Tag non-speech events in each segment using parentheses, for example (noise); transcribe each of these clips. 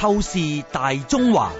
透視大中華。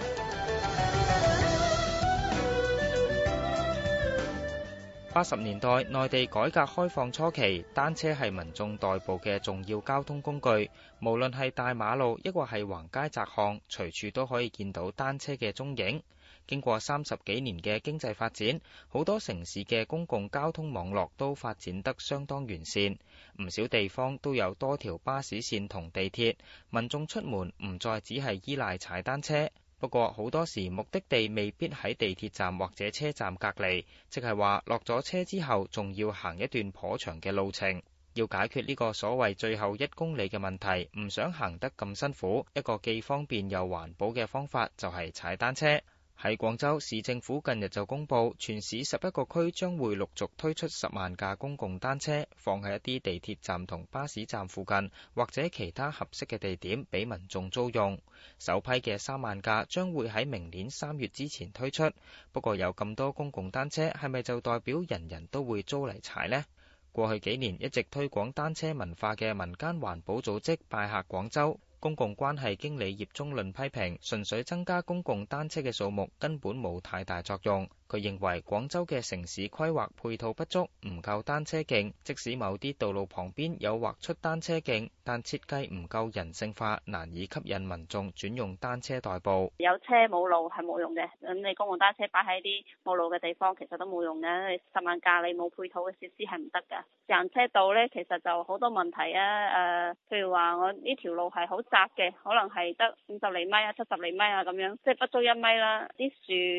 八十年代內地改革開放初期，單車係民眾代步嘅重要交通工具，無論係大馬路抑或係橫街窄巷，隨處都可以見到單車嘅蹤影。經過三十幾年嘅經濟發展，好多城市嘅公共交通網絡都發展得相當完善，唔少地方都有多條巴士線同地鐵。民眾出門唔再只係依賴踩單車，不過好多時目的地未必喺地鐵站或者車站隔籬，即係話落咗車之後仲要行一段頗長嘅路程。要解決呢個所謂最後一公里嘅問題，唔想行得咁辛苦，一個既方便又環保嘅方法就係踩單車。喺廣州市政府近日就公布，全市十一個區將會陸續推出十萬架公共單車，放喺一啲地鐵站同巴士站附近或者其他合適嘅地點，俾民眾租用。首批嘅三萬架將會喺明年三月之前推出。不過有咁多公共單車，係咪就代表人人都會租嚟踩呢？過去幾年一直推廣單車文化嘅民間環保組織拜客廣州。公共關係經理葉中倫批評：純粹增加公共單車嘅數目，根本冇太大作用。佢認為廣州嘅城市規劃配套不足，唔夠單車徑。即使某啲道路旁邊有劃出單車徑，但設計唔夠人性化，難以吸引民眾轉用單車代步。有車冇路係冇用嘅，咁你公共單車擺喺啲冇路嘅地方，其實都冇用嘅。你十萬架你冇配套嘅設施係唔得噶。自行車道呢，其實就好多問題啊。誒、呃，譬如話我呢條路係好窄嘅，可能係得五十厘米啊、七十厘米啊咁樣，即係不足一米啦、啊。啲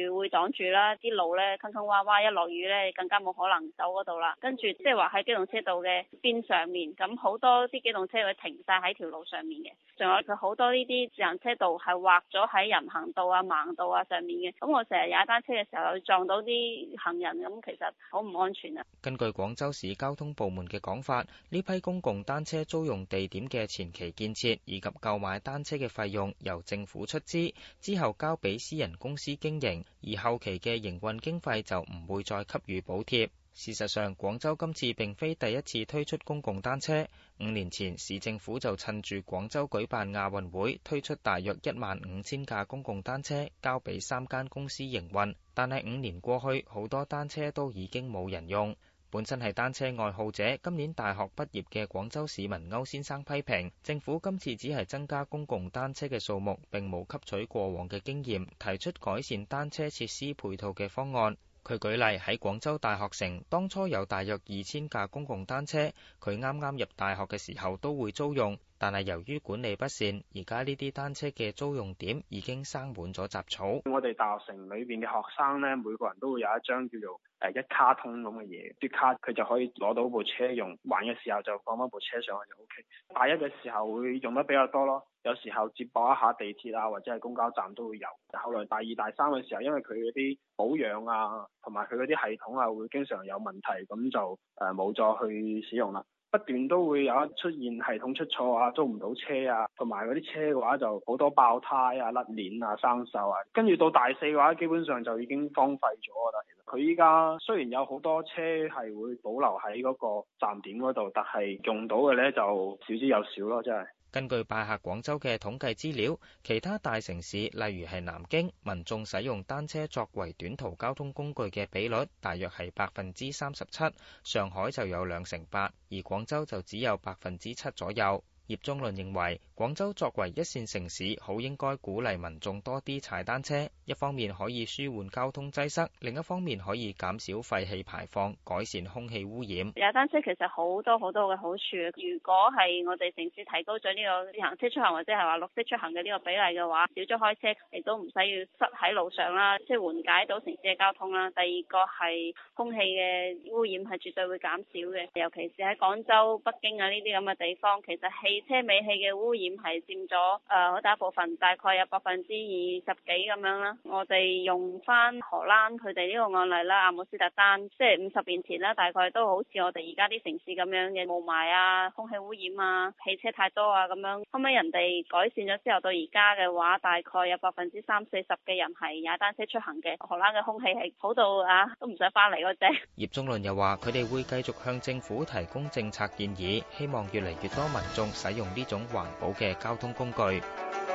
樹會擋住啦、啊，啲路。路咧坑坑洼洼，一落雨咧更加冇可能走嗰度啦。跟住即係話喺機動車道嘅邊上面，咁好多啲機動車會停晒喺條路上面嘅。仲有佢好多呢啲自行車道係劃咗喺人行道啊、盲道啊上面嘅，咁我成日踩單車嘅時候，撞到啲行人，咁其實好唔安全啊。根據廣州市交通部門嘅講法，呢批公共單車租用地點嘅前期建設以及購買單車嘅費用由政府出資，之後交俾私人公司經營，而後期嘅營運經費就唔會再給予補貼。事實上，廣州今次並非第一次推出公共單車。五年前，市政府就趁住廣州舉辦亞運會，推出大約一萬五千架公共單車，交俾三間公司營運。但係五年過去，好多單車都已經冇人用。本身係單車愛好者，今年大學畢業嘅廣州市民歐先生批評，政府今次只係增加公共單車嘅數目，並冇吸取過往嘅經驗，提出改善單車設施配套嘅方案。佢舉例喺廣州大學城，當初有大約二千架公共單車，佢啱啱入大學嘅時候都會租用。但係由於管理不善，而家呢啲單車嘅租用點已經生滿咗雜草。 (music) 我哋大學城裏邊嘅學生咧，每個人都會有一張叫做誒一卡通咁嘅嘢，啲卡佢就可以攞到部車用，玩嘅時候就放翻部車上去就 OK。大一嘅時候會用得比較多咯，有時候接駁一下地鐵啊，或者係公交站都會有。後來大二大三嘅時候，因為佢嗰啲保養啊，同埋佢嗰啲系統啊會經常有問題，咁就誒冇再去使用啦。不斷都會有出現系統出錯啊，租唔到車啊，同埋嗰啲車嘅話就好多爆胎啊、甩鏈啊、生鏽啊，跟住到大四嘅話，基本上就已經荒廢咗㗎喇，其實佢依家雖然有好多車係會保留喺嗰個站點嗰度，但係用到嘅呢就少之又少咯，真係。根據拜客廣州嘅統計資料，其他大城市例如係南京，民眾使用單車作為短途交通工具嘅比率大約係百分之三十七，上海就有兩成八，而廣州就只有百分之七左右。葉中倫認為。廣州作為一線城市，好應該鼓勵民眾多啲踩單車，一方面可以舒緩交通擠塞，另一方面可以減少廢氣排放，改善空氣污染。踩單車其實好多好多嘅好處。如果係我哋城市提高咗呢個自行車出行或者係話綠色出行嘅呢個比例嘅話，少咗開車，亦都唔使要塞喺路上啦，即係緩解到城市嘅交通啦。第二個係空氣嘅污染係絕對會減少嘅，尤其是喺廣州、北京啊呢啲咁嘅地方，其實汽車尾氣嘅污染，係佔咗誒好大一部分，大概有百分之二十幾咁樣啦。我哋用翻荷蘭佢哋呢個案例啦，阿姆斯特丹，即係五十年前啦，大概都好似我哋而家啲城市咁樣嘅霧霾啊、空氣污染啊、汽車太多啊咁樣。後尾人哋改善咗之後，到而家嘅話，大概有百分之三四十嘅人係踩單車出行嘅。荷蘭嘅空氣係好到啊，都唔想翻嚟嗰隻。葉宗倫又話：佢哋會繼續向政府提供政策建議，希望越嚟越多民眾使用呢種環保。嘅交通工具。 (laughs)